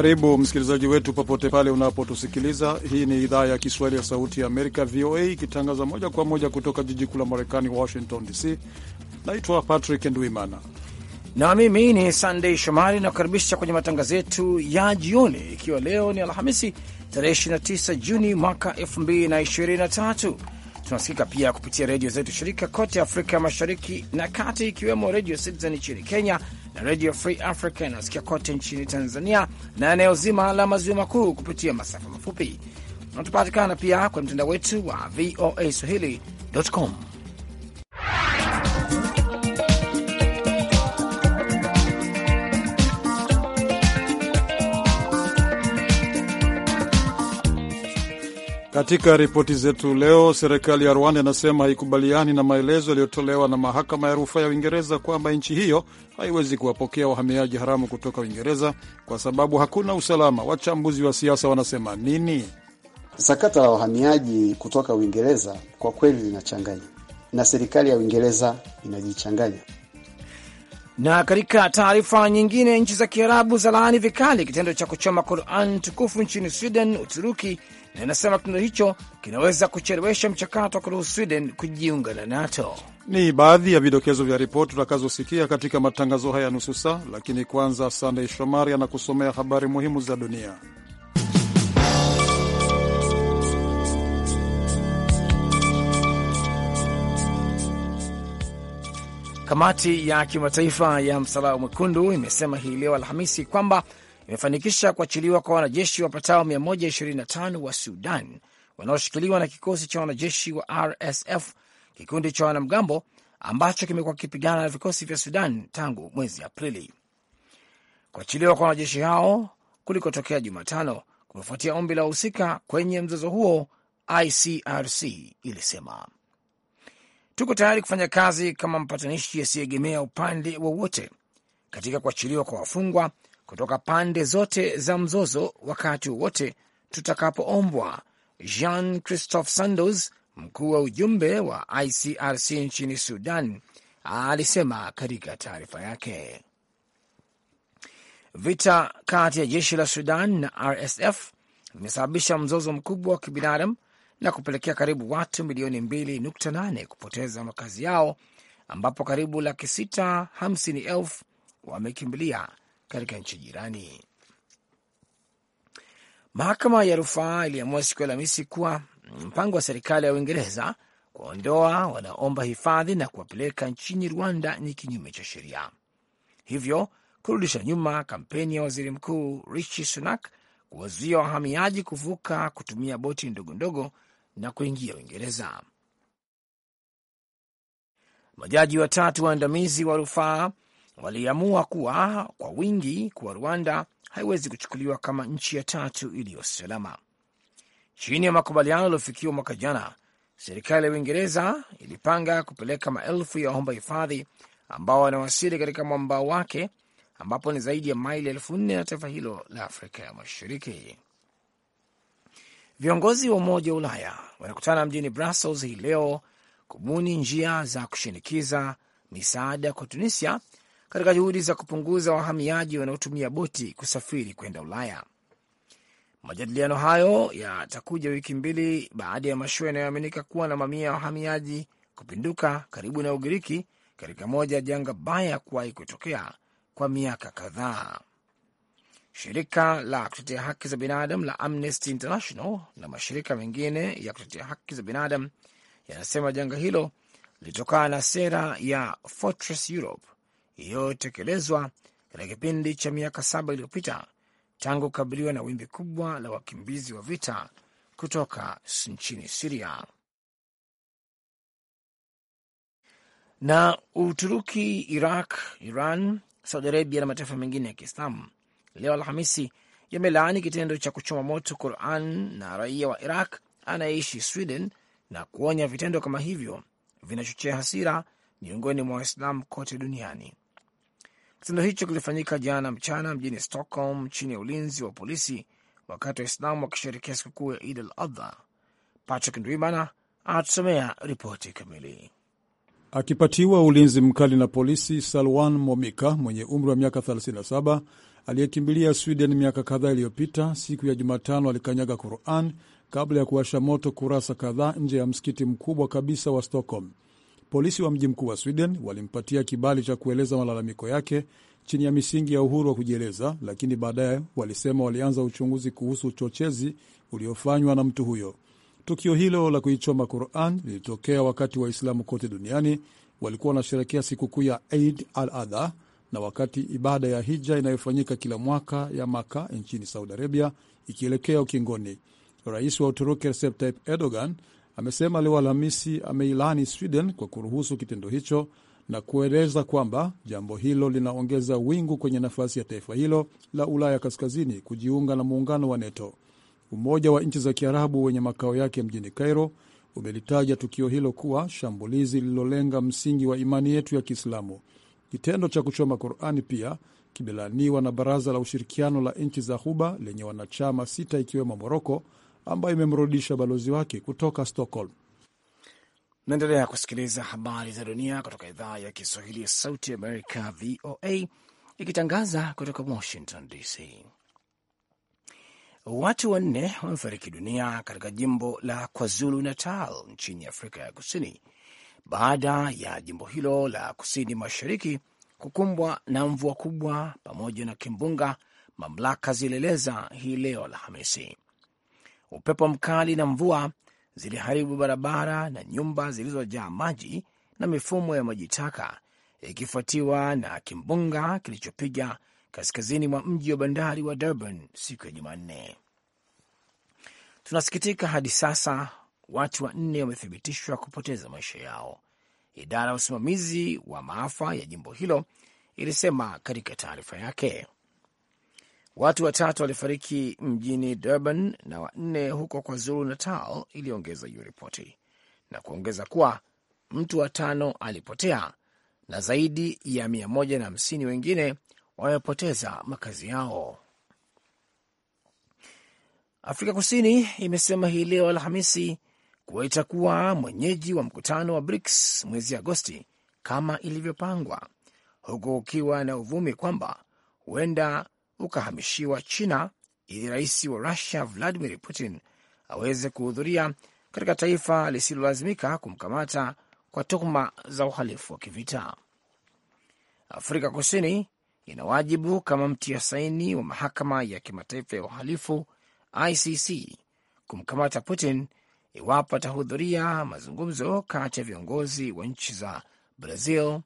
Karibu msikilizaji wetu popote pale unapotusikiliza. Hii ni idhaa ya Kiswahili ya Sauti ya Amerika, VOA, ikitangaza moja kwa moja kutoka jiji kuu la Marekani, Washington DC. Naitwa Patrick Ndwimana na mimi ni Sandei Shomari, nakukaribisha kwenye matangazo yetu ya jioni, ikiwa leo ni Alhamisi tarehe 29 Juni mwaka 2023 tunasikika pia kupitia redio zetu shirika kote Afrika Mashariki na Kati, ikiwemo Redio Citizen nchini Kenya na Redio Free Africa inayosikia kote nchini Tanzania na eneo zima la maziwa makuu kupitia masafa mafupi. Unatupatikana pia kwenye mtandao wetu wa VOA swahili.com. Katika ripoti zetu leo, serikali ya Rwanda inasema haikubaliani na maelezo yaliyotolewa na mahakama ya rufaa ya Uingereza kwamba nchi hiyo haiwezi kuwapokea wahamiaji haramu kutoka Uingereza kwa sababu hakuna usalama. Wachambuzi wa siasa wanasema nini? Sakata la wahamiaji kutoka Uingereza kwa kweli linachanganya na serikali ya Uingereza inajichanganya. Na katika taarifa nyingine, nchi za Kiarabu za laani vikali kitendo cha kuchoma Quran tukufu nchini Sweden, Uturuki na inasema kitendo hicho kinaweza kuchelewesha mchakato wa kuruhusu Sweden kujiunga na NATO. Ni baadhi ya vidokezo vya ripoti tutakazosikia katika matangazo haya nusu saa, lakini kwanza, Sandey Shomari anakusomea habari muhimu za dunia. Kamati ya kimataifa ya Msalaba Mwekundu imesema hii leo Alhamisi kwamba imefanikisha kuachiliwa kwa wanajeshi wapatao 125 wa Sudan wanaoshikiliwa na kikosi cha wanajeshi wa RSF, kikundi cha wanamgambo ambacho kimekuwa kikipigana na vikosi vya Sudan tangu mwezi Aprili. Kuachiliwa kwa wanajeshi hao kulikotokea Jumatano kumefuatia ombi la wahusika kwenye mzozo huo, ICRC ilisema. Tuko tayari kufanya kazi kama mpatanishi asiyeegemea upande wowote katika kuachiliwa kwa wafungwa kutoka pande zote za mzozo wakati wowote tutakapoombwa. Jean Christophe Sandos, mkuu wa ujumbe wa ICRC nchini Sudan, alisema katika taarifa yake. Vita kati ya jeshi la Sudan na RSF vimesababisha mzozo mkubwa wa kibinadamu na kupelekea karibu watu milioni 2.8 kupoteza makazi yao ambapo karibu laki sita hamsini elfu wamekimbilia katika nchi jirani. Mahakama ya rufaa iliamua siku ya Alhamisi kuwa mpango wa serikali ya Uingereza kuwaondoa wanaomba hifadhi na kuwapeleka nchini Rwanda ni kinyume cha sheria, hivyo kurudisha nyuma kampeni ya waziri mkuu Rishi Sunak kuwazuia wahamiaji kuvuka kutumia boti ndogo ndogo na kuingia Uingereza. Majaji watatu waandamizi wa rufaa waliamua kuwa kwa wingi kuwa Rwanda haiwezi kuchukuliwa kama nchi ya tatu iliyo salama. Chini ya makubaliano yaliyofikiwa mwaka jana, serikali ya Uingereza ilipanga kupeleka maelfu ya waomba hifadhi ambao wanawasili katika mwambao wake ambapo ni zaidi ya maili elfu nne na taifa hilo la Afrika ya Mashariki. Viongozi wa Umoja wa Ulaya wanakutana mjini Brussels hii leo kubuni njia za kushinikiza misaada kwa Tunisia katika juhudi za kupunguza wahamiaji wanaotumia boti kusafiri kwenda Ulaya. Majadiliano hayo yatakuja wiki mbili baada ya mashua yanayoaminika kuwa na mamia ya wahamiaji kupinduka karibu na Ugiriki katika moja ya janga baya kuwahi kutokea kwa miaka kadhaa. Shirika la kutetea haki za binadamu la Amnesty International na mashirika mengine ya kutetea haki za binadamu yanasema janga hilo lilitokana na sera ya Fortress Europe iliyotekelezwa katika kipindi cha miaka saba iliyopita tangu kukabiliwa na wimbi kubwa la wakimbizi wa vita kutoka nchini Siria. Na Uturuki, Iraq, Iran, Saudi Arabia na mataifa mengine ya Kiislamu leo Alhamisi yamelaani kitendo cha kuchoma moto Quran na raia wa Iraq anayeishi Sweden na kuonya vitendo kama hivyo vinachochea hasira miongoni mwa Waislamu kote duniani. Kitendo hicho kilifanyika jana mchana mjini Stockholm chini ya ulinzi wa polisi wakati Waislamu wakisherekea sikukuu ya Id al Adha. Patrick Ndwimana anatusomea ripoti kamili. Akipatiwa ulinzi mkali na polisi, Salwan Momika mwenye umri wa miaka 37 aliyekimbilia Sweden miaka kadhaa iliyopita, siku ya Jumatano alikanyaga Quran kabla ya kuwasha moto kurasa kadhaa nje ya msikiti mkubwa kabisa wa Stockholm. Polisi wa mji mkuu wa Sweden walimpatia kibali cha kueleza malalamiko yake chini ya misingi ya uhuru wa kujieleza, lakini baadaye walisema walianza uchunguzi kuhusu uchochezi uliofanywa na mtu huyo. Tukio hilo la kuichoma Quran lilitokea wakati Waislamu kote duniani walikuwa wanasherekea sikukuu ya Eid al Adha na wakati ibada ya hija inayofanyika kila mwaka ya Maka nchini Saudi Arabia ikielekea ukingoni. Rais wa Uturuki Recep Tayyip Erdogan amesema leo Alhamisi ameilani Sweden kwa kuruhusu kitendo hicho na kueleza kwamba jambo hilo linaongeza wingu kwenye nafasi ya taifa hilo la Ulaya kaskazini kujiunga na muungano wa NATO. Umoja wa nchi za Kiarabu wenye makao yake mjini Cairo umelitaja tukio hilo kuwa shambulizi lililolenga msingi wa imani yetu ya Kiislamu. Kitendo cha kuchoma Qurani pia kimelaaniwa na Baraza la Ushirikiano la Nchi za Ghuba lenye wanachama sita ikiwemo Moroko ambayo imemrudisha balozi wake kutoka Stockholm. Naendelea kusikiliza habari za dunia kutoka idhaa ya Kiswahili ya Sauti Amerika, VOA, ikitangaza kutoka Washington DC. Watu wanne wamefariki dunia katika jimbo la KwaZulu Natal nchini Afrika ya Kusini baada ya jimbo hilo la kusini mashariki kukumbwa na mvua kubwa pamoja na kimbunga, mamlaka zilieleza hii leo Alhamisi. Upepo mkali na mvua ziliharibu barabara na nyumba zilizojaa maji na mifumo ya maji taka, ikifuatiwa na kimbunga kilichopiga kaskazini mwa mji wa bandari wa Durban siku ya Jumanne. Tunasikitika hadi sasa watu wanne wamethibitishwa kupoteza maisha yao, idara ya usimamizi wa maafa ya jimbo hilo ilisema katika taarifa yake. Watu watatu walifariki mjini Durban na wanne huko KwaZulu Natal, iliongeza hiyo ripoti na kuongeza kuwa mtu wa tano alipotea na zaidi ya 150 wengine wamepoteza makazi yao. Afrika Kusini imesema hii leo Alhamisi kuwa itakuwa mwenyeji wa mkutano wa BRICS mwezi Agosti kama ilivyopangwa, huku ukiwa na uvumi kwamba huenda ukahamishiwa China ili rais wa Rusia Vladimir Putin aweze kuhudhuria katika taifa lisilolazimika kumkamata kwa tuhuma za uhalifu wa kivita. Afrika Kusini ina wajibu kama mtia saini wa mahakama ya kimataifa ya uhalifu ICC kumkamata Putin iwapo atahudhuria mazungumzo kati ya viongozi wa nchi za Brazil,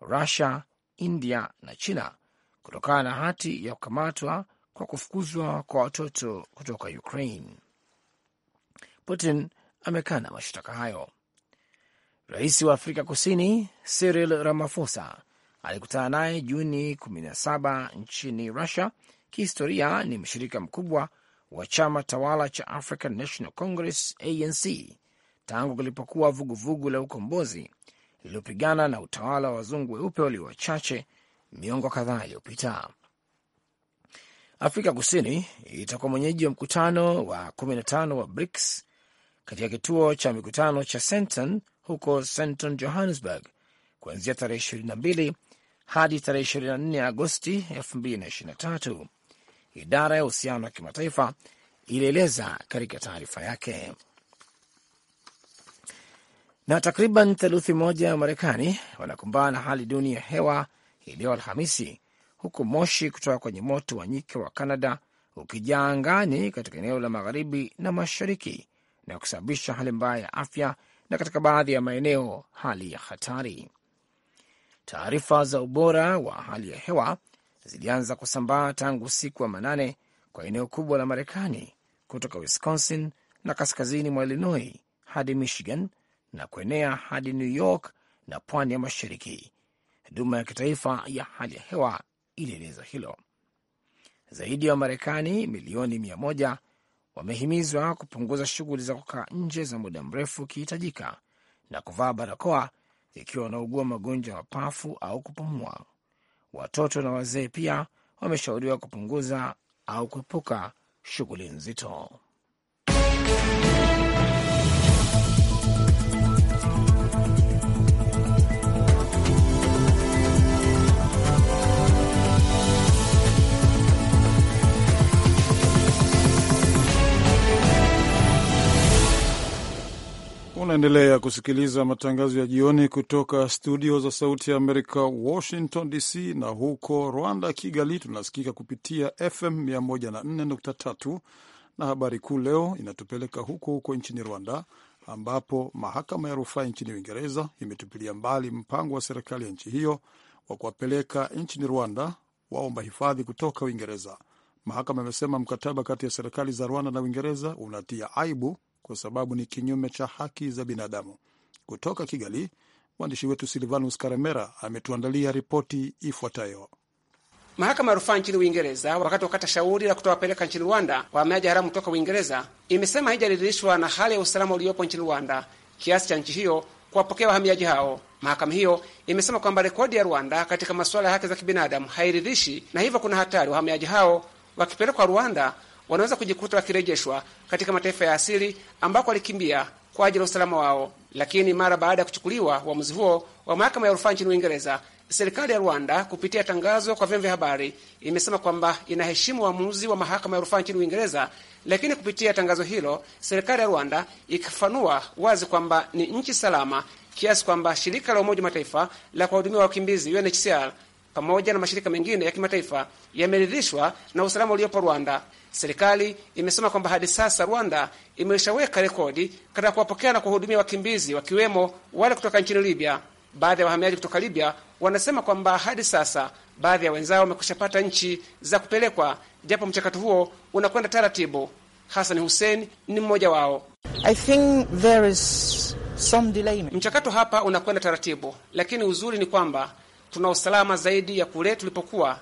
Rusia, India na China kutokana na hati ya kukamatwa kwa kufukuzwa kwa watoto kutoka Ukraine. Putin amekana mashtaka hayo. Rais wa Afrika Kusini Cyril Ramaphosa alikutana naye Juni 17 nchini Russia. Kihistoria ni mshirika mkubwa wa chama tawala cha African National Congress ANC tangu kulipokuwa vuguvugu la ukombozi lililopigana na utawala wa wazungu weupe walio wachache miongo kadhaa iliyopita. Afrika Kusini itakuwa mwenyeji wa mkutano wa 15 wa BRICS katika kituo cha mikutano cha Centon huko Centon, Johannesburg, kuanzia tarehe 22 hadi tarehe 24 Agosti 2023, idara ya uhusiano wa kimataifa ilieleza katika taarifa yake. Na takriban theluthi moja ya Marekani wanakumbana na hali duni ya hewa hii leo Alhamisi, huku moshi kutoka kwenye moto wa nyike wa canada ukijaa angani katika eneo la magharibi na mashariki na kusababisha hali mbaya ya afya na katika baadhi ya maeneo hali ya hatari. Taarifa za ubora wa hali ya hewa zilianza kusambaa tangu usiku wa manane kwa eneo kubwa la Marekani kutoka Wisconsin na kaskazini mwa Illinois hadi Michigan na kuenea hadi New York na pwani ya mashariki huduma ya kitaifa ya hali ya hewa ilieleza hilo. Zaidi ya Wamarekani milioni mia moja wamehimizwa kupunguza shughuli za kukaa nje za muda mrefu ukihitajika na kuvaa barakoa ikiwa wanaugua magonjwa ya mapafu au kupumua. Watoto na wazee pia wameshauriwa kupunguza au kuepuka shughuli nzito. Unaendelea kusikiliza matangazo ya jioni kutoka studio za Sauti ya Amerika, Washington DC, na huko Rwanda, Kigali, tunasikika kupitia FM 104.3. Na habari kuu leo inatupeleka huko huko nchini Rwanda, ambapo mahakama ya rufaa nchini Uingereza imetupilia mbali mpango wa serikali ya nchi hiyo wa kuwapeleka nchini Rwanda waomba hifadhi kutoka Uingereza. Mahakama imesema mkataba kati ya serikali za Rwanda na Uingereza unatia aibu kwa sababu ni kinyume cha haki za binadamu. Kutoka Kigali, mwandishi wetu Silvanus Karemera ametuandalia ripoti ifuatayo. Mahakama ya rufaa nchini Uingereza, wakati wakata shauri la kutowapeleka nchini Rwanda wahamiaji haramu kutoka Uingereza, imesema haijaridhishwa na hali ya usalama uliopo nchini Rwanda kiasi cha nchi hiyo kuwapokea wahamiaji hao. Mahakama hiyo imesema kwamba rekodi ya Rwanda katika masuala ya haki za kibinadamu hairidhishi, na hivyo kuna hatari wahamiaji hao wakipelekwa Rwanda wanaweza kujikuta wakirejeshwa katika mataifa ya asili ambako walikimbia kwa ajili ya usalama wao. Lakini mara baada ya kuchukuliwa uamuzi huo wa mahakama ya rufaa nchini Uingereza, serikali ya Rwanda kupitia tangazo kwa vyombo vya habari imesema kwamba inaheshimu uamuzi wa mahakama ya rufaa nchini Uingereza. Lakini kupitia tangazo hilo, serikali ya Rwanda ikifanua wazi kwamba ni nchi salama kiasi kwamba shirika la Umoja wa Mataifa la kuwahudumia wakimbizi UNHCR pamoja na mashirika mengine ya kimataifa yameridhishwa na usalama uliopo Rwanda. Serikali imesema kwamba hadi sasa Rwanda imeshaweka rekodi katika kuwapokea na kuwahudumia wakimbizi wakiwemo wale kutoka nchini Libya. Baadhi ya wahamiaji kutoka Libya wanasema kwamba hadi sasa baadhi ya wenzao wamekushapata nchi za kupelekwa, japo mchakato huo unakwenda taratibu. Hassan Hussein ni mmoja wao. I think there is some delay. Mchakato hapa unakwenda taratibu, lakini uzuri ni kwamba tuna usalama zaidi ya kule tulipokuwa,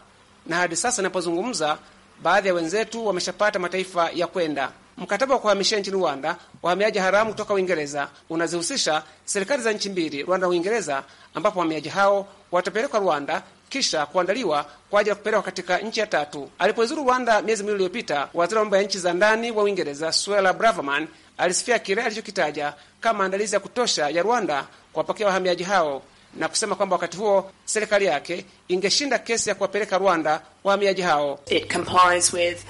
na hadi sasa inapozungumza baadhi ya wenzetu wameshapata mataifa ya kwenda. Mkataba wa kuhamishia nchini Rwanda wahamiaji haramu kutoka Uingereza unazihusisha serikali za nchi mbili, Rwanda na Uingereza, ambapo wahamiaji hao watapelekwa Rwanda kisha kuandaliwa kwa ajili ya kupelekwa katika nchi ya tatu. Alipoizuru Rwanda miezi miwili iliyopita, waziri wa mambo ya nchi za ndani wa Uingereza Suella Braverman alisifia kile alichokitaja kama maandalizi ya kutosha ya Rwanda kuwapakia wahamiaji hao na kusema kwamba wakati huo serikali yake ingeshinda kesi ya kuwapeleka Rwanda wahamiaji hao. It complies with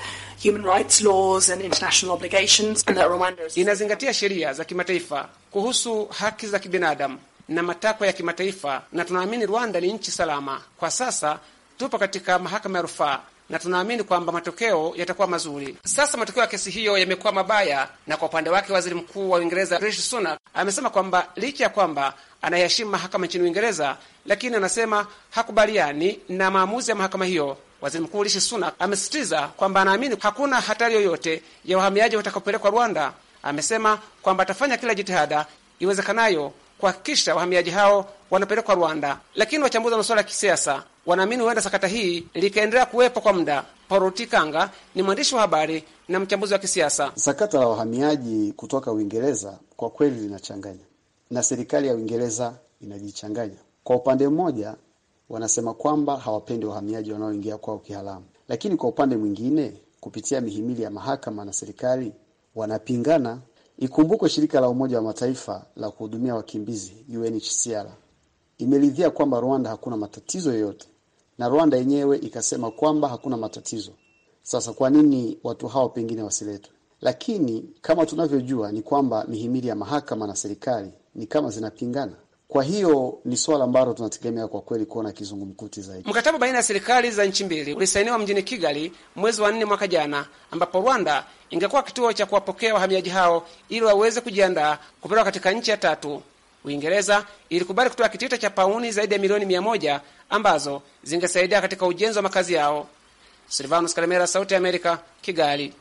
human rights laws and international obligations and that Rwanda is... inazingatia sheria za kimataifa kuhusu haki za kibinadamu na matakwa ya kimataifa, na tunaamini Rwanda ni nchi salama. Kwa sasa tupo katika mahakama ya rufaa na tunaamini kwamba matokeo yatakuwa mazuri. Sasa matokeo ya kesi hiyo yamekuwa mabaya, na kwa upande wake waziri mkuu wa Uingereza Rishi Sunak amesema kwamba licha ya kwamba anayeheshimu mahakama nchini Uingereza, lakini anasema hakubaliani na maamuzi ya mahakama hiyo. Waziri Mkuu Rishi Sunak amesisitiza kwamba anaamini hakuna hatari yoyote ya wahamiaji watakaopelekwa Rwanda. Amesema kwamba atafanya kila jitihada iwezekanayo kuhakikisha wahamiaji hao wanapelekwa Rwanda, lakini wachambuzi wa masuala ya kisiasa wanaamini huenda sakata hii likaendelea kuwepo kwa muda. Paul Rutikanga ni mwandishi wa habari na mchambuzi wa kisiasa. Sakata la wahamiaji kutoka Uingereza kwa kweli linachanganya na serikali ya Uingereza inajichanganya. Kwa upande mmoja, wanasema kwamba hawapendi wahamiaji wanaoingia kwao kiharamu, lakini kwa upande mwingine, kupitia mihimili ya mahakama na serikali wanapingana. Ikumbukwe shirika la Umoja wa Mataifa la kuhudumia wakimbizi UNHCR imeridhia kwamba Rwanda hakuna matatizo yoyote, na Rwanda yenyewe ikasema kwamba hakuna matatizo. Sasa kwa nini watu hao pengine wasiletwe? Lakini kama tunavyojua ni kwamba mihimili ya mahakama na serikali ni kama zinapingana. Kwa hiyo ni swala ambalo tunategemea kwa kweli kuona kizungumkuti zaidi. Mkataba baina ya serikali za nchi mbili ulisainiwa mjini Kigali mwezi wa nne mwaka jana, ambapo Rwanda ingekuwa kituo cha kuwapokea wahamiaji hao ili waweze kujiandaa kupelekwa katika nchi ya tatu. Uingereza ilikubali kutoa kitita cha pauni zaidi ya milioni mia moja ambazo zingesaidia katika ujenzi wa makazi yao. Silvanus Kalemera, Sauti ya Amerika, Kigali.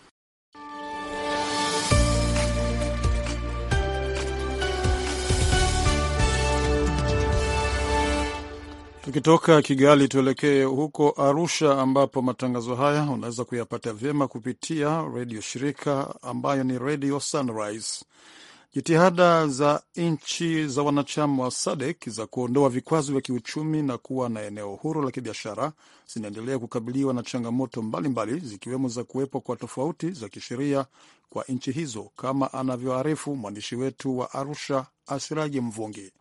Tukitoka Kigali tuelekee huko Arusha, ambapo matangazo haya unaweza kuyapata vyema kupitia redio shirika ambayo ni Radio Sunrise. Jitihada za nchi za wanachama wa SADC za kuondoa vikwazo vya kiuchumi na kuwa na eneo huru la kibiashara zinaendelea kukabiliwa na changamoto mbalimbali mbali, zikiwemo za kuwepo kwa tofauti za kisheria kwa nchi hizo, kama anavyoarifu mwandishi wetu wa Arusha, Asiraji Mvungi.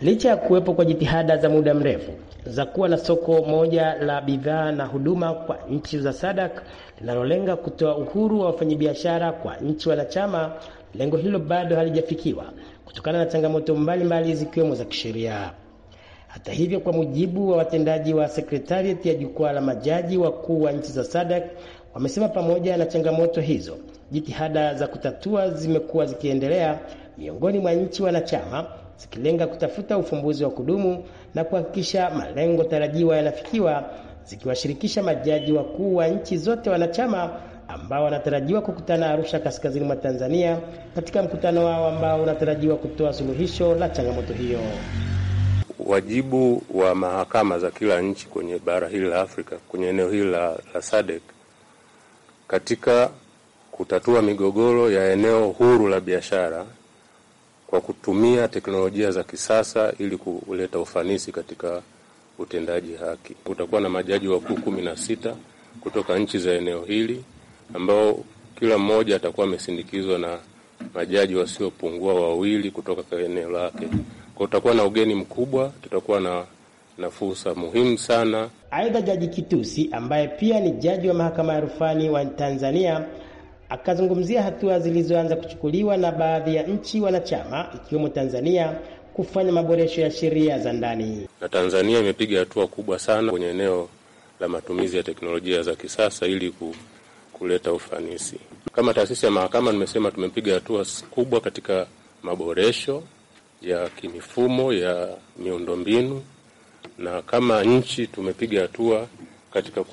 Licha ya kuwepo kwa jitihada za muda mrefu za kuwa na soko moja la bidhaa na huduma kwa nchi za SADC linalolenga kutoa uhuru wa wafanyabiashara kwa nchi wanachama, lengo hilo bado halijafikiwa kutokana na changamoto mbalimbali zikiwemo za kisheria. Hata hivyo, kwa mujibu wa watendaji wa sekretariat ya jukwaa la majaji wakuu wa nchi za SADC, wamesema pamoja na changamoto hizo, jitihada za kutatua zimekuwa zikiendelea miongoni mwa nchi wanachama zikilenga kutafuta ufumbuzi wa kudumu na kuhakikisha malengo tarajiwa yanafikiwa, zikiwashirikisha majaji wakuu wa nchi zote wanachama ambao wanatarajiwa kukutana Arusha, kaskazini mwa Tanzania, katika mkutano wao ambao unatarajiwa kutoa suluhisho la changamoto hiyo. Wajibu wa mahakama za kila nchi kwenye bara hili la Afrika, kwenye eneo hili la, la SADC katika kutatua migogoro ya eneo huru la biashara kwa kutumia teknolojia za kisasa ili kuleta ufanisi katika utendaji haki. Kutakuwa na majaji wakuu kumi na sita kutoka nchi za eneo hili ambao kila mmoja atakuwa amesindikizwa na majaji wasiopungua wawili kutoka eneo lake. Kwa utakuwa na ugeni mkubwa, tutakuwa na, na fursa muhimu sana. Aidha, Jaji Kitusi ambaye pia ni jaji wa mahakama ya rufani wa Tanzania akazungumzia hatua zilizoanza kuchukuliwa na baadhi ya nchi wanachama ikiwemo Tanzania kufanya maboresho ya sheria za ndani. Na Tanzania imepiga hatua kubwa sana kwenye eneo la matumizi ya teknolojia za kisasa ili ku, kuleta ufanisi. Kama taasisi ya mahakama, nimesema tumepiga hatua kubwa katika maboresho ya kimifumo ya miundombinu, na kama nchi tumepiga hatua katika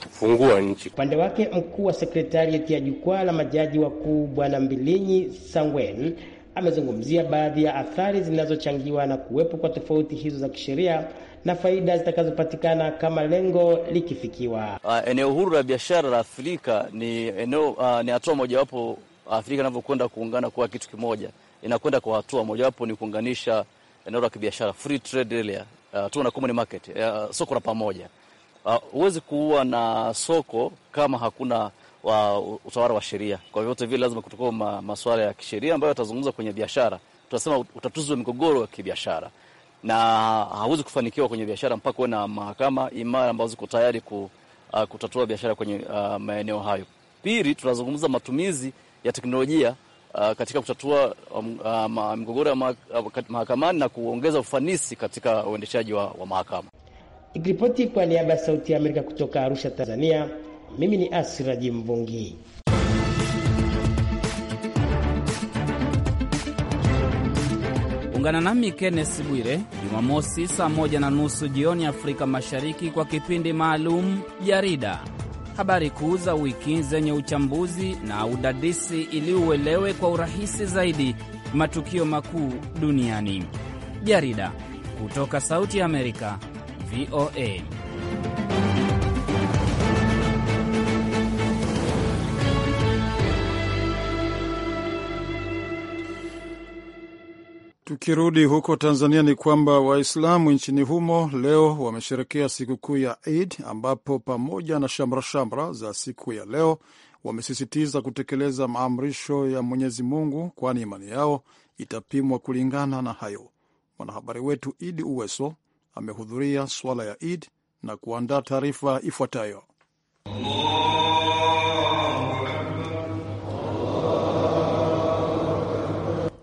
kufungua nchi. Upande wake mkuu wa sekretarieti ya jukwaa la majaji wakuu Bwana Mbilinyi Sangwen amezungumzia baadhi ya athari zinazochangiwa na kuwepo kwa tofauti hizo za kisheria na faida zitakazopatikana kama lengo likifikiwa. Uh, eneo huru la biashara la Afrika ni eneo uh, ni hatua mojawapo Afrika inavyokwenda kuungana kuwa kitu kimoja, inakwenda kwa hatua mojawapo ni kuunganisha eneo la kibiashara, free trade area, uh, ah, tunakuwa ni market, uh, soko la pamoja Ah, huwezi uh, kuua na soko kama hakuna wa utawala wa sheria. Kwa vyote vile lazima kutokuwa ma, masuala ya kisheria ambayo yatazungumza kwenye biashara. Tunasema utatuzi wa migogoro ya kibiashara, na hauwezi kufanikiwa kwenye biashara mpaka uwe na mahakama imara ambazo ziko tayari ku, uh, kutatua biashara kwenye uh, maeneo hayo. Pili, tunazungumza matumizi ya teknolojia uh, katika kutatua um, uh, migogoro ya mahakamani na kuongeza ufanisi katika uendeshaji wa, wa mahakama. Nikiripoti kwa niaba ya Sauti ya Amerika kutoka Arusha, Tanzania, mimi ni Asira Jimvungi. Ungana nami Kenneth Bwire Jumamosi saa moja na nusu jioni Afrika Mashariki kwa kipindi maalum Jarida, habari kuu za wiki zenye uchambuzi na udadisi ili uelewe kwa urahisi zaidi matukio makuu duniani. Jarida kutoka Sauti ya Amerika. VOA. Tukirudi huko Tanzania ni kwamba Waislamu nchini humo leo wamesherekea sikukuu ya Eid ambapo pamoja na shamrashamra za siku ya leo wamesisitiza kutekeleza maamrisho ya Mwenyezi Mungu, kwani imani yao itapimwa kulingana na hayo. Mwanahabari wetu Idi Uweso amehudhuria swala ya Eid na kuandaa taarifa ifuatayo.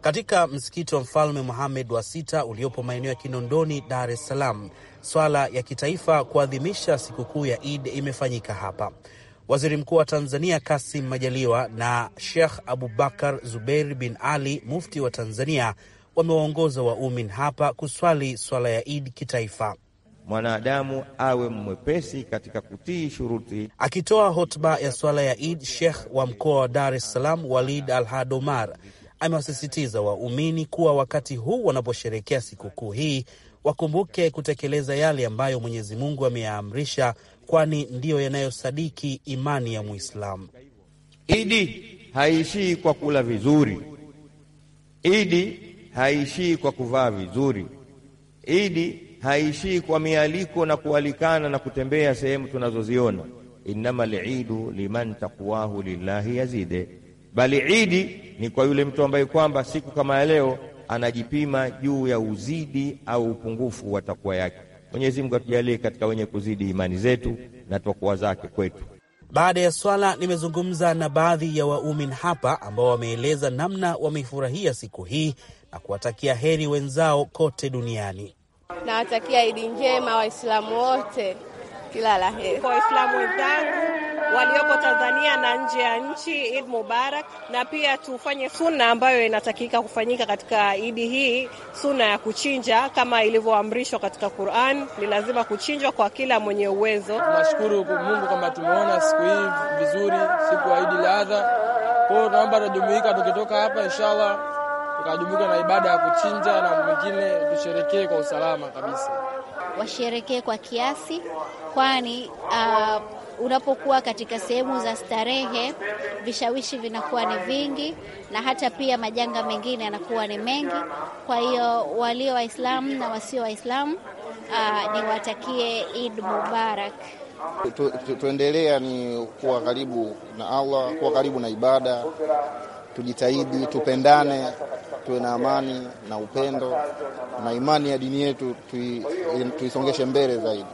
Katika msikiti wa Mfalme Muhamed wa sita uliopo maeneo ya Kinondoni, Dar es Salaam, swala ya kitaifa kuadhimisha sikukuu ya id imefanyika hapa. Waziri Mkuu wa Tanzania Kasim Majaliwa na shekh Abubakar Zubeir bin Ali, mufti wa Tanzania, wamewaongoza waumin hapa kuswali swala ya Idi kitaifa. Mwanadamu awe mwepesi katika kutii shuruti. Akitoa hotuba ya swala ya id shekh wa mkoa wa Dar es Salaam Walid Alhad Omar amewasisitiza waumini kuwa wakati huu wanaposherekea sikukuu hii wakumbuke kutekeleza yale ambayo Mwenyezi Mungu ameyaamrisha, kwani ndiyo yanayosadiki imani ya Muislamu. Idi haishii kwa kula vizuri. Idi haishii kwa kuvaa vizuri. Idi haishii kwa mialiko na kualikana na kutembea sehemu tunazoziona. Innama liidu liman taqwahu lillahi yazide, bali idi ni kwa yule mtu ambaye kwamba siku kama ya leo anajipima juu ya uzidi au upungufu wa takwa yake. Mwenyezi Mungu atujalie katika wenye kuzidi imani zetu na takwa zake kwetu. Baada ya swala nimezungumza na baadhi ya waumin hapa ambao wameeleza namna wameifurahia siku hii na kuwatakia heri wenzao kote duniani. Nawatakia Idi njema Waislamu wote, kila la heri kwa Waislamu wenzangu walioko Tanzania na nje ya nchi. Idi Mubarak, na pia tufanye suna ambayo inatakika kufanyika katika idi hii, suna ya kuchinja kama ilivyoamrishwa katika Quran. Ni lazima kuchinjwa kwa kila mwenye uwezo. Tunashukuru Mungu kwamba tumeona siku hii vizuri, siku ya Idi Ladha. Kwa hiyo tunaomba tunajumuika tukitoka hapa, inshallah tukajumuika na ibada ya kuchinja na mwingine, tusherekee kwa usalama kabisa. Washerekee kwa kiasi, kwani uh, unapokuwa katika sehemu za starehe vishawishi vinakuwa ni vingi, na hata pia majanga mengine yanakuwa ni mengi. Kwa hiyo walio Waislamu na wasio Waislamu uh, niwatakie Eid Mubarak. Tuendelea ni kuwa karibu na Allah, kuwa karibu na ibada, tujitahidi, tupendane tuwe na amani na upendo na imani ya dini yetu tuisongeshe mbele zaidi.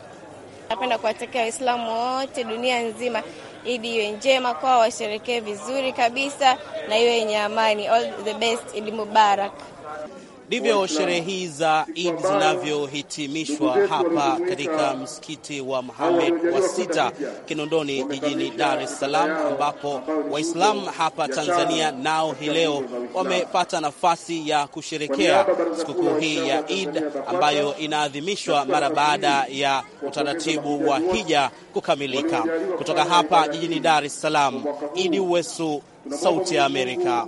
Napenda kuwatakia Waislamu wote dunia nzima Idi iwe njema kwao, washerekee vizuri kabisa na iwe yenye amani. All the best, Idi Mubarak. Ndivyo sherehe hii za Eid zinavyohitimishwa hapa katika msikiti wa Muhammad wa sita Kinondoni jijini Dar es Salaam, ambapo Waislamu hapa Tanzania nao hii leo wamepata nafasi ya kusherekea sikukuu hii ya Eid ambayo inaadhimishwa mara baada ya utaratibu wa hija kukamilika. Kutoka hapa jijini Dar es Salaam, Idi Wesu, Sauti ya Amerika.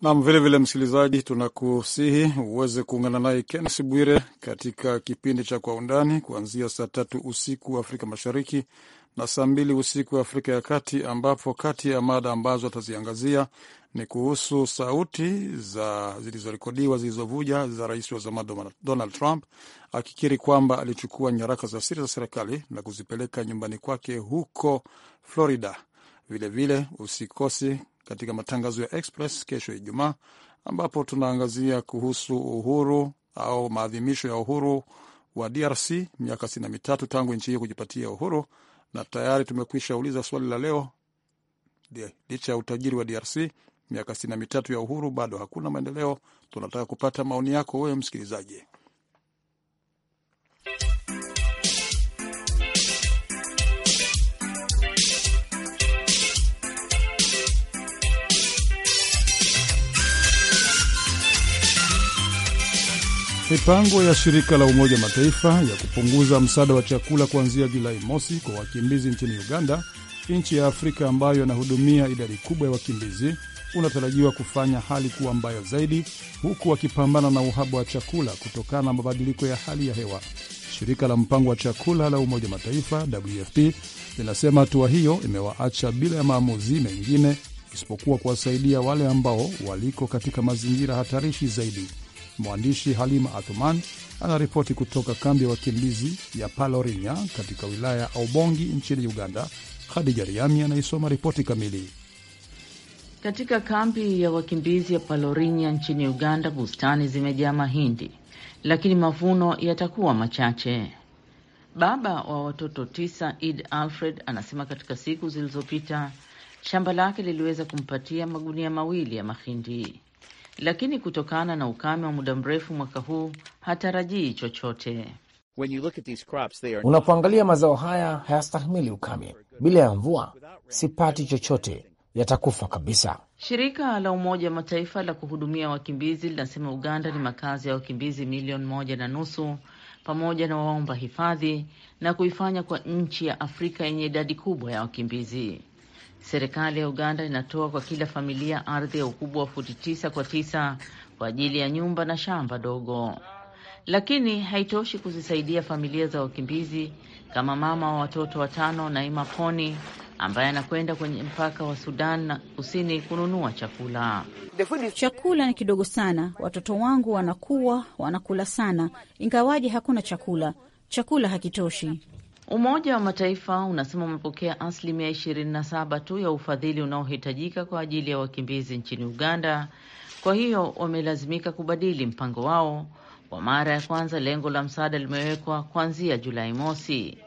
Nam, vilevile msikilizaji, tunakusihi uweze kuungana naye Kennes Bwire katika kipindi cha Kwa Undani kuanzia saa tatu usiku wa Afrika Mashariki na saa mbili usiku wa Afrika ya Kati, ambapo kati ya mada ambazo ataziangazia ni kuhusu sauti za zilizorekodiwa zilizovuja za rais wa zamani Donald Trump akikiri kwamba alichukua nyaraka za siri za serikali na kuzipeleka nyumbani kwake huko Florida. Vilevile usikosi katika matangazo ya Express kesho Ijumaa, ambapo tunaangazia kuhusu uhuru au maadhimisho ya uhuru wa DRC, miaka sitini na mitatu tangu nchi hiyo kujipatia uhuru, na tayari tumekwisha uliza swali la leo. Licha ya utajiri wa DRC, miaka sitini na mitatu ya uhuru, bado hakuna maendeleo. Tunataka kupata maoni yako wewe msikilizaji. Mipango ya shirika la Umoja Mataifa ya kupunguza msaada wa chakula kuanzia Julai mosi kwa wakimbizi nchini Uganda, nchi ya Afrika ambayo inahudumia idadi kubwa ya wakimbizi, unatarajiwa kufanya hali kuwa mbaya zaidi, huku wakipambana na uhaba wa chakula kutokana na mabadiliko ya hali ya hewa. Shirika la mpango wa chakula la Umoja Mataifa WFP linasema hatua hiyo imewaacha bila ya maamuzi mengine isipokuwa kuwasaidia wale ambao waliko katika mazingira hatarishi zaidi. Mwandishi Halima Athuman anaripoti kutoka kambi ya wakimbizi ya Palorinya katika wilaya ya Obongi nchini Uganda. Khadija Riami anaisoma ripoti kamili. Katika kambi ya wakimbizi ya Palorinya nchini Uganda, bustani zimejaa mahindi, lakini mavuno yatakuwa machache. Baba wa watoto tisa Id Alfred anasema katika siku zilizopita shamba lake liliweza kumpatia magunia mawili ya mahindi lakini kutokana na ukame wa muda mrefu mwaka huu hatarajii chochote. Unapoangalia mazao haya hayastahimili ukame. Bila ya mvua sipati chochote, yatakufa kabisa. Shirika la Umoja wa Mataifa la kuhudumia wakimbizi linasema Uganda ni makazi ya wakimbizi milioni moja na nusu pamoja na waomba hifadhi na kuifanya kwa nchi ya Afrika yenye idadi kubwa ya wakimbizi. Serikali ya Uganda inatoa kwa kila familia ardhi ya ukubwa wa futi tisa kwa tisa kwa ajili ya nyumba na shamba dogo, lakini haitoshi kuzisaidia familia za wakimbizi kama mama wa watoto watano Naima Poni ambaye anakwenda kwenye mpaka wa Sudan na kusini kununua chakula. Chakula ni kidogo sana, watoto wangu wanakuwa wanakula sana, ingawaje hakuna chakula. Chakula hakitoshi. Umoja wa Mataifa unasema umepokea asilimia ishirini na saba tu ya ufadhili unaohitajika kwa ajili ya wakimbizi nchini Uganda. Kwa hiyo wamelazimika kubadili mpango wao kwa mara ya kwanza. Lengo la msaada limewekwa kuanzia Julai mosi.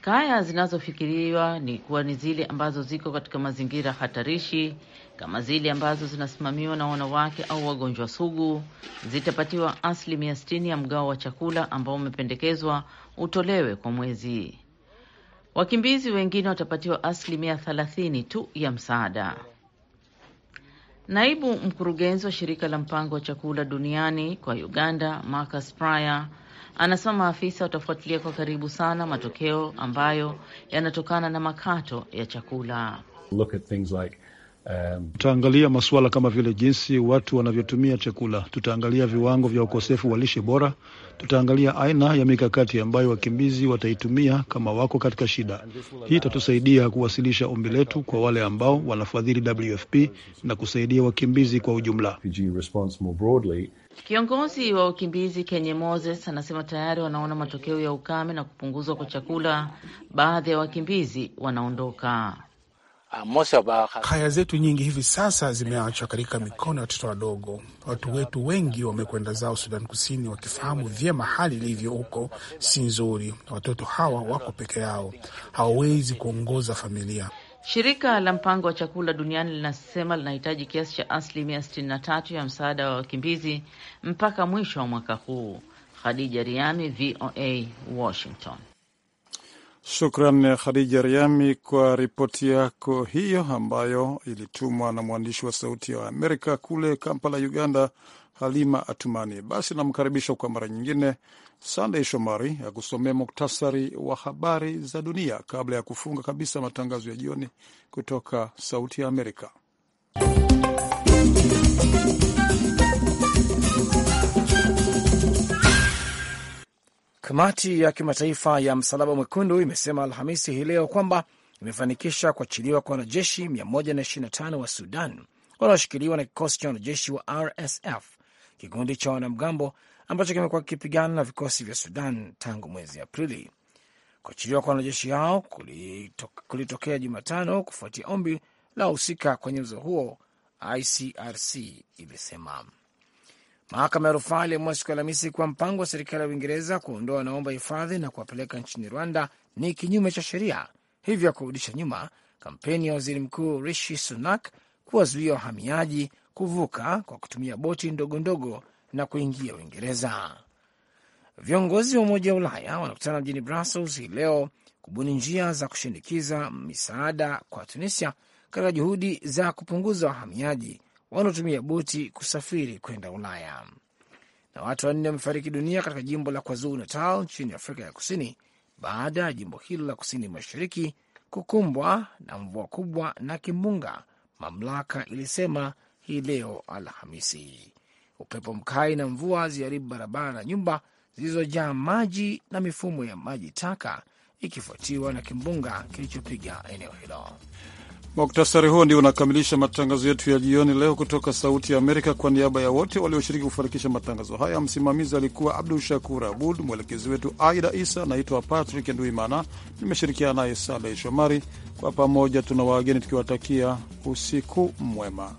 Kaya zinazofikiriwa ni kuwa ni zile ambazo ziko katika mazingira hatarishi kama zile ambazo zinasimamiwa na wanawake au wagonjwa sugu zitapatiwa asilimia 60 ya mgao wa chakula ambao umependekezwa utolewe kwa mwezi. Wakimbizi wengine watapatiwa asilimia 30 tu ya msaada. Naibu mkurugenzi wa shirika la mpango wa chakula duniani kwa Uganda, Marcus Pryor, anasema maafisa watafuatilia kwa karibu sana matokeo ambayo yanatokana na makato ya chakula. Look at things like Um, tutaangalia masuala kama vile jinsi watu wanavyotumia chakula, tutaangalia viwango vya ukosefu wa lishe bora, tutaangalia aina ya mikakati ambayo wakimbizi wataitumia kama wako katika shida. Hii itatusaidia kuwasilisha ombi letu kwa wale ambao wanafadhili WFP na kusaidia wakimbizi kwa ujumla. Kiongozi wa wakimbizi kenye Moses anasema tayari wanaona matokeo ya ukame na kupunguzwa kwa chakula, baadhi ya wakimbizi wanaondoka. Kaya ah, zetu nyingi hivi sasa zimeachwa katika mikono ya watoto wadogo. Watu wetu wengi wamekwenda zao Sudan Kusini, wakifahamu vyema hali ilivyo huko si nzuri. Watoto hawa wako peke yao, hawawezi kuongoza familia. Shirika la mpango wa chakula duniani linasema linahitaji kiasi cha asilimia 63 ya msaada wa wakimbizi mpaka mwisho wa mwaka huu. Khadija Riami, VOA, Washington. Shukran eh, Khadija Riami kwa ripoti yako hiyo ambayo ilitumwa na mwandishi wa Sauti ya Amerika kule Kampala, Uganda, Halima Atumani. Basi namkaribisha kwa mara nyingine Sandey Shomari akusomea muktasari wa habari za dunia kabla ya kufunga kabisa matangazo ya jioni kutoka Sauti ya Amerika. Kamati ya Kimataifa ya Msalaba Mwekundu imesema Alhamisi hii leo kwamba imefanikisha kuachiliwa kwa wanajeshi 125 wa Sudan wanaoshikiliwa na kikosi cha wanajeshi wa RSF, kikundi cha wanamgambo ambacho kimekuwa kikipigana na vikosi vya Sudan tangu mwezi Aprili. Kuachiliwa kwa wanajeshi hao kulitokea Jumatano kufuatia ombi la wahusika kwenye mzozo huo, ICRC imesema. Mahakama ya rufaa iliamua siku Alhamisi kuwa mpango wa serikali ya Uingereza kuondoa wanaomba hifadhi na kuwapeleka nchini Rwanda ni kinyume cha sheria, hivyo kurudisha nyuma kampeni ya waziri mkuu Rishi Sunak kuwazuia wahamiaji kuvuka kwa kutumia boti ndogo ndogo na kuingia Uingereza. Viongozi wa Umoja wa Ulaya wanakutana mjini Brussels hii leo kubuni njia za kushinikiza misaada kwa Tunisia katika juhudi za kupunguza wahamiaji wanaotumia boti kusafiri kwenda Ulaya. Na watu wanne wamefariki dunia katika jimbo la KwaZulu Natal nchini Afrika ya Kusini baada ya jimbo hilo la kusini mashariki kukumbwa na mvua kubwa na kimbunga, mamlaka ilisema hii leo Alhamisi. Upepo mkali na mvua ziharibu barabara na nyumba zilizojaa maji na mifumo ya maji taka, ikifuatiwa na kimbunga kilichopiga eneo hilo. Muktasari huo ndio unakamilisha matangazo yetu ya jioni leo kutoka Sauti ya Amerika. Kwa niaba ya wote walioshiriki kufanikisha matangazo haya, msimamizi alikuwa Abdu Shakur Abud, mwelekezi wetu Aida Isa. Naitwa Patrick Nduimana, nimeshirikiana naye Saleh Shomari. Kwa pamoja tuna wageni tukiwatakia usiku mwema.